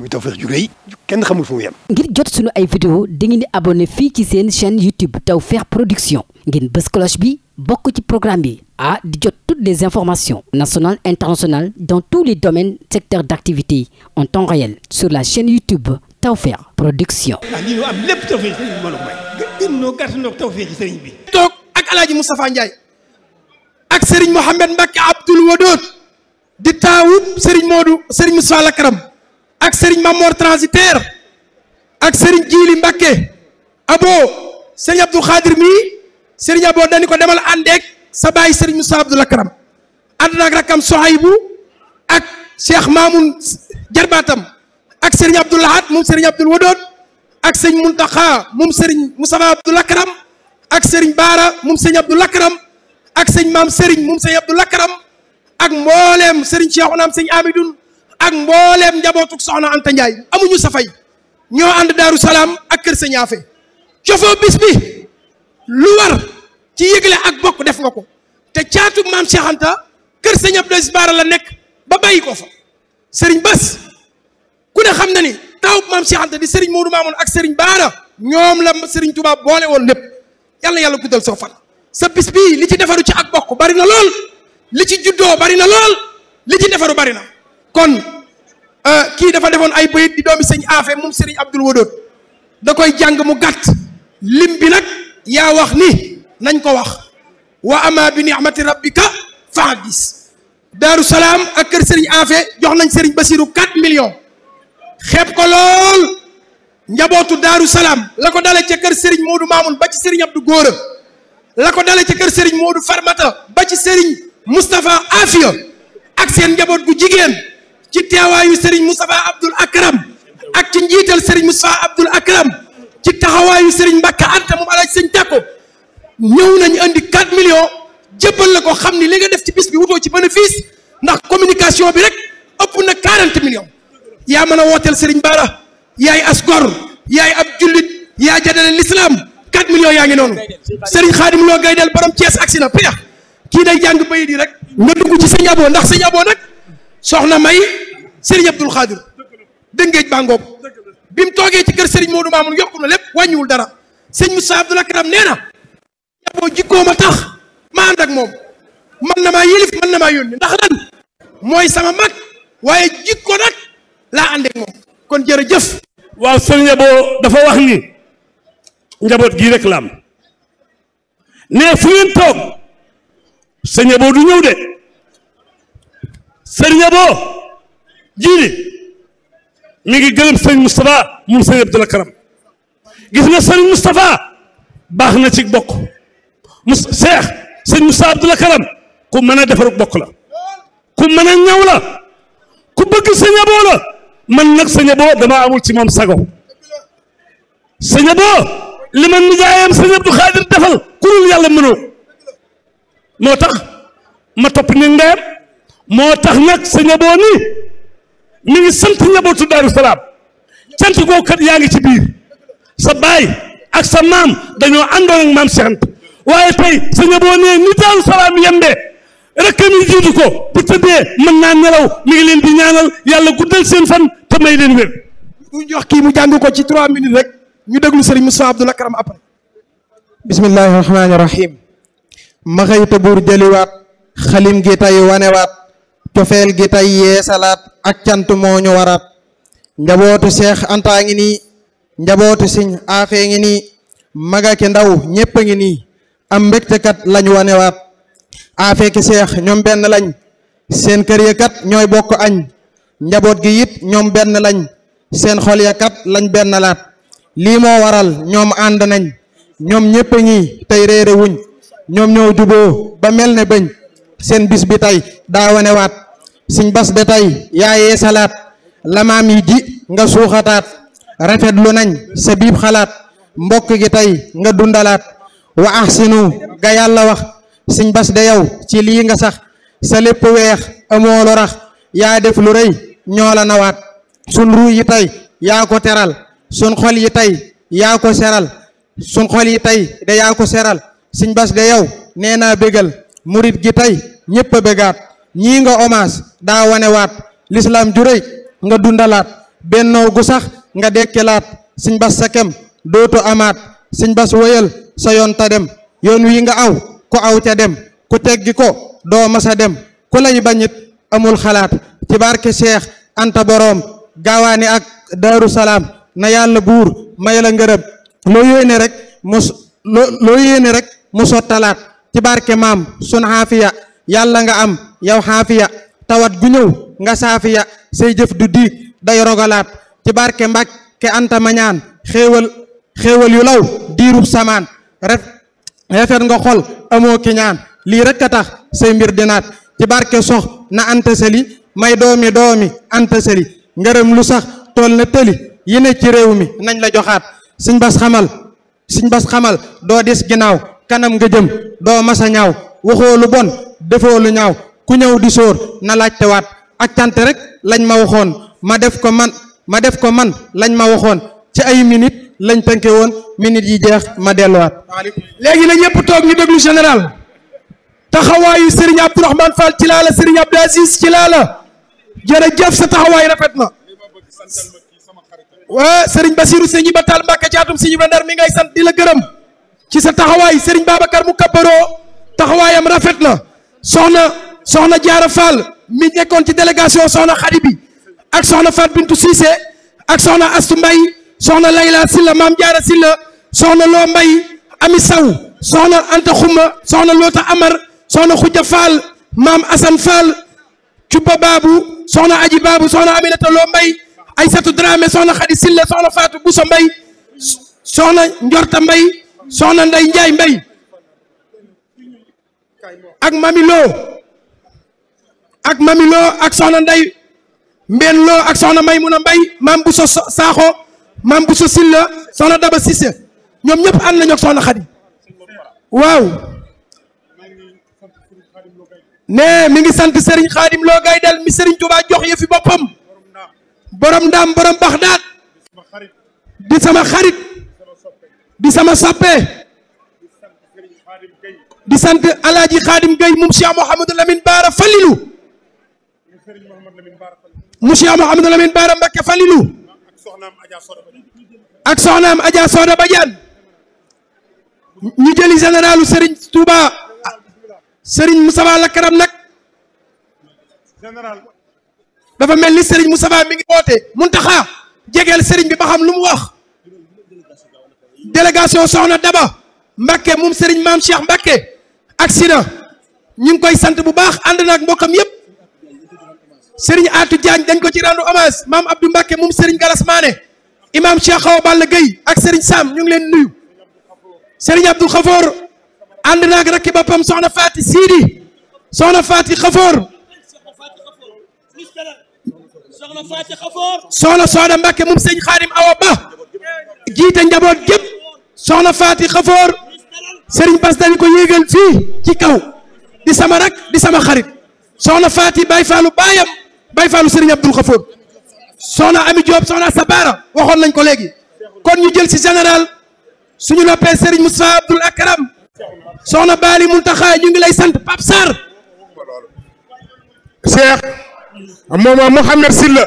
muy Tawfekh ju rëy kenn xamul fu mu yem. ngir jot sunu ay vidéo dangeen di abonné fii ci seen chaîne YouTube Tawfekh Production ngeen bës cloche bi bokk ci programme bi a di jot toutes les informations nationales internationales dans tous les domaines secteurs d'activité en temps réel sur la chaîne YouTube Tawfekh Production. ah lii ñu am lépp Tawfekh sëriñ bi bi. toog ak El Hadj Moustapha ak Serigne Mouhamed Mbacke Abdoul Wadoud di taawut Serigne Modou Serigne Moussa Lakaram. ak sëriñ Mamor transitaire ak sëriñ Jiili Mbakke abo sëriñ Abdou Khadir mii sëriñ abo dañu ko demal àndeek sa baay sëriñ Moussa Abdoul Akram ànd naag rakkam Sohaybu ak Cheikh Mamoun jarbaatam ak sëriñ Abdoul Ahad moom sëriñ Abdoul Wadood ak sëriñ Muntaxa moom sëriñ Moustapha Abdoul Akram ak sëriñ Baara moom sëriñ Abdoul Akram ak sëriñ Maam Sëriñ moom sëriñ Abdoul ak mboole njabootuk soxna Anta Ndiaye amuñu safay ñoo ànd daaru salaam ak kër sëñ Afe cofoo bis lu war ci yëgle ak bokk def nga ko te caatu maam Cheikh Anta kër sëñ Abdou Aziz la nekk ba bayi ko fa sëriñ Bas ku ne xam na ni taawub maam Cheikh Anta di sëriñ Modou Mamoun ak sëriñ Baara ñoom la sëriñ Touba boole woon lépp yàlla yàlla guddal soo fan sa bis li ci defaru ci ak bokk bari na lool li ci juddoo bari na lool li ci defaru bari na kon euh, kii dafa defoon ay bayit di doomi sëñ aafe moom sëriñ abdul wadoot da koy jàng mu gàtt lim bi nag yaa wax ni nañ ko wax wa ama bi ni'mati rabbika fa hadis daaru salaam ak kër sëriñ aafe jox nañ sëriñ basiru 4 millions xeeb ko lool njabootu daaru salaam la ko dale ca kër sëriñ moodu maamun ba ci sëriñ abdu góora la ko dale ca kër sëriñ moodu farmata ba ci sëriñ moustapha afia ak seen njaboot gu jigéen ci teewaayu Serigne Moustapha Abdoul Akram ak ci njiital Serigne Moustapha Abdoul Akram ci taxawaayu Serigne Mbacke Anta moom alaaj sëñ Tàkko ñëw nañu indi 4 millions jëppal la ko xam ni li def ci bis bi wutoo ci bénéfice ndax communication bi rek ëpp na 40 millions yaa mën a wooteel sëriñ Bara yaay asgor yaay ab jullit yaa jadale l'islam 4 millions yaa ngi noonu Serigne Khadim Lo gay del borom Thiès agsi na peex kii day jàng bayit yi rek nga dugg ci sëñ Abo soxna May. Serigne Abdoul Khadir dëngeej baa ngoog bi mu toogee ci kër Serigne Modou Mamoun yokku na lépp wàññiwul dara sëñ Moussa Abdoul Akram nee na yaboo jikkoo ma tax ma ànd moom man na maa yilif man na maa yónni ndax lan mooy sama mag waaye jikko nag laa moom kon jërëjëf. waaw sëñ Yaboo dafa wax ni njaboot gii rek la am ne fu ngeen toog sëñ Yaboo du ñëw de sëñ Yaboo jiili mi ngi gërëm sëriñ Moustapha moom sëriñ Abdoulaye Karam gis na sëriñ Moustapha baax na ci bokk mu seex sëriñ Moustapha Abdoulaye Karam ku mën a defaru bokk la ku mën ñaw la ku bëgg sëñ Aboo la man nag sëñ Aboo damaa amul ci moom sago sëñ Aboo li ma nijaayam sëñ Abdou Khadir defal ku dul yàlla mënoo moo tax ma topp ni ndeyam moo tax nag sëñ Aboo nii mi ngi sant njabootu Daaru Salaam cant koo kat yaa ngi ci biir sa baay ak sa maam dañoo àndoon ak maam Cheikh waaye tey sa ñaboo nee ni Daaru Salaam yembe rek mi jiitu ko bu tëddee mën naa nelaw mi ngi leen di ñaanal yàlla guddal seen fan te may leen wér. ñu jox kii mu ko ci trois minutes rek ñu déglu Serigne Moussa Abdoul Akram après. bismillahi rahmaani rahim. ma xëy te buur jëliwaat xalim gi tey wanewaat. cofeel gi tey yee salaat ak cant moo ñu waraat njabootu seex antaa ngi nii njabootu siñ aafee ngi nii maga ki ndaw ñépp a ngi nii am mbégtekat lañ wanewaat aafee ki seex ñoom benn lañ seen kër ya kat ñooy bokk añ njaboot gi it ñoom benn lañ seen xol ya kat lañ benn laat lii moo waral ñoom ànd nañ ñoom ñépp ngi tey réere wuñ ñoom ñoo juboo ba mel ne bëñ seen bis bi tey daa wanewaat siñ bas de tey yaa yeesalaat lamaam yi ji nga suuxataat rafetlu nañ sa biib xalaat mbokk gi tey nga dundalaat wa ahsinu ga yàlla wax siñ bas de yow ci lii nga sax sa lépp weex amoo lu rax yaa def lu rëy ñoo la nawaat sun ruu yi tey yaa ko teral sun xol yi tey yaa ko seral sun xol yi tey de yaa ko seral siñ bas de yow nee naa bégal murit gi tey ñépp a bégaat ñii nga hommage daa wanewaat l'islam ju rëy nga dundalaat bennoo gu sax nga dekkelaat sëñ bas sa kem dootu amaat sëñ bas wëyal sa yoon ta dem yoon wi nga aw ku aw ca dem ku teggi ko doo masa dem ku lay bañit amul xalaat ci barke Cheikh Anta Boroom gaawaani ak Daaru Salaam na yàlla buur may la ngërëb loo yéene rek mu sottalaat ci barke maam sun xaafiya yàlla nga am yow xaafiya tawat gu ñëw nga saafiya say jëf du diig day rogalaat ci barke Mbàkke Anta Mañaan xéewal xéewal yu law diirub samaan ref refet nga xol amoo ki ñaan lii rekk a tax say mbir dinaat ci barke sox na Anta Sali may doomi doomi Anta ngërëm lu sax tool na tëli yi ne ci réew mi nañ la joxaat suñ bas xamal suñ bas xamal doo des ginnaaw kanam nga jëm doo masa ñaaw waxoo lu bon defoo lu ñaaw ku ñëw di sóor na laajtewaat ak cant rek lañ ma waxoon ma def ko man ma def ko man lañ ma waxoon ci ay minute lañ tënke woon minute yi jeex ma delluwaat. léegi la ñëpp toog ñu déglu général taxawaayu Serigne Abdourahmane Fall ci laa la sëriñ Abdou Aziz ci laa la jërëjëf sa taxawaay rafet na. waa Serigne Bassirou Serigne Batal Mbacke caatum Serigne Ibrahima Ndar mi ngay sant di la gërëm ci sa taxawaay Serigne Babacar mu kabbaroo taxawaayam rafet na soxna soxna Diarra Fall mi nekkoon ci délégation soxna Khady bi ak soxna Fat Bintou Cissé ak soxna Astou Mbaye soxna Layla Silla maam Diarra Silla soxna Loo Mbaye Ami Saw soxna Anta Xuma soxna Loota Amar soxna Khoudia Fall maam Assane Fall Cuba Babu soxna Aji Babu soxna Aminata Loo Mbaye Aysatu Dramé soxna Khady Silla soxna Fatou Bousso Mbaye soxna Njorta Mbaye soxna Ndey Njaay Mbaye ak Mamy Lo ak Mamy Lo ak soxna Ndeye Mbène Lo ak soxna Maymuna Mbaye maam bu so Saaxo maam bu Silla soxna Daba Cissé ñoom ñëpp ànd nañu soxna Xadi waaw ne mi ngi sant Serigne Khadim Lo Gaydel mi Serigne Touba jox yëfi boppam borom ndaam borom baxdaat di sama xarit di sama soppe di sant alaaji xaadim Gueye moom Cheikh Mouhamadou Lamine Baara Falilou mu Cheikh Mouhamadou Lamine Baara Mbacké Falilou ak soxnaam Adja Soda Badiane ñu jëli généralu Serigne Touba Serigne Moustapha Lakaram nag dafa mel ni Serigne Moustapha mi ngi woote Muntaxa jegeel Serigne bi ba xam lu mu wax délégation soxna Daba. Mbacke moom Serigne maam Cheikh Mbacke accident ñu koy sant bu baax ànd naag mbokkam yëpp Serigne Atou Diagne dañ ko ci rendu hommage maam Abdou Mbacke moom Serigne Galas Mané imam Cheikh Awa Balla Gueye ak Serigne Sam ñu ngi leen nuyu Serigne Abdou Khafor ànd naag rakki boppam Soxna Faati Sidi Soxna Faati Khafor soxna Soxna Mbacke moom Serigne Khadim Awa Ba jiite njaboot gépp Soxna Faati Khafor sëriñ Bass dañ ko yéegal fii ci kaw di sama rak di sama xarit soxna Faati Baye Fallou baayam Baye Fallou sëriñ Abdoul Khafour soxna Ami Diop soxna Sabara waxoon nañ ko léegi kon ñu jël ci général suñu noppee sëriñ Moussa Abdoul Akram soxna Baali Muntaxa ñu ngi lay sant Pape Sarr. Cheikh moom Silla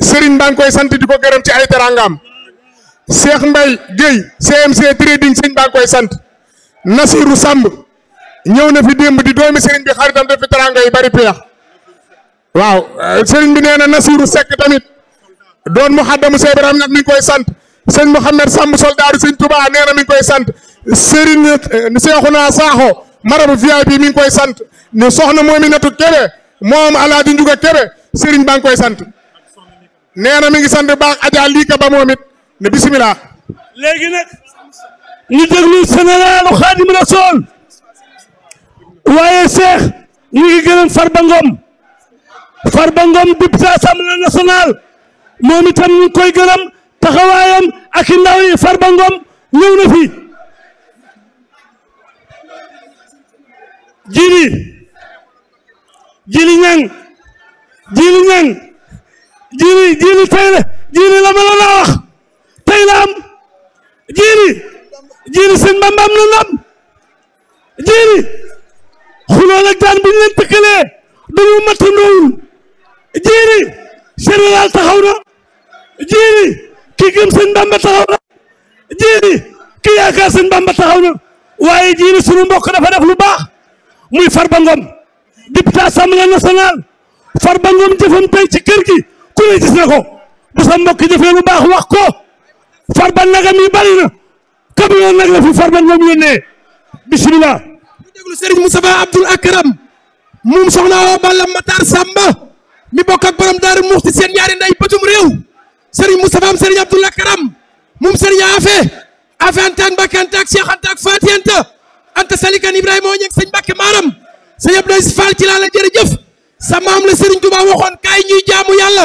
sëriñ baa ngi koy sant di ko gërëm ci ay teraangaam Cheikh Mbaye CMC trading sëriñ baa koy sant. Nasiru Samb ñëw na fi démb di doomi sëriñ bi xaritam def fi teraanga yu bari piyax waaw euh, sëriñ bi nee na Nasiru Sekk tamit doon muxaddamu Seex Ibrahima nag mi ngi koy sant sëñ Mouhamed Samb soldaaru sëñ Touba nee na koy sant Serigne euh, Seexuna Saaxo marabu VIP bi mi ngi koy sant ne soxna Mominatu Kebe moom Alaaji Njuga Kebe Serigne baa ngi koy sant nee na mi ngi sant baax Adja lii ba moom it ne ñu déglu sénéralu xaadim rasool waaye seex ñu ngi gërëm Farba Ngom Farba Ngom député assemblée nationale moom itam ñu koy gërëm taxawaayam ak i ndaw yi ñëw na fi jili jili ñang jili ñang jili jili tey la la ma la wax tey jiiri sëñ Bamba am na ndam jiiri xuloo ak daan bi ñu leen tëkkalee dañoo mattandoowul jiiri général taxaw na jiiri ki gëm sëñ Bamba taxaw na jiiri ki yaakaar sëñ Bamba taxaw na waaye jiiri sunu mbokk dafa def lu baax muy Farba Ngom député assemblée nationale Farba Ngom jëfam tey ci kër gi ku ne gis na ko bu sa mbokk lu baax wax ko Farba nagam yi bari na camion nag la fi farman moom yónnee bisimilah ñu déglu Serigne Moustapha Abdoul Akram moom soxna Awa Balla Matar Samba mi bokk ak borom Daaru Muxti seen ñaari nday bëtum réew Serigne Moustapha am Serigne Abdoul Akram moom Afe Afe Anta ak Mbacke Anta ak Cheikh Anta ak Fati Anta Anta Salikan Ibrahima oo ñeeg sëñ Mbacke Maram ci laa la jërëjëf sa maam la Serigne Touba waxoon kaay ñuy jaamu yàlla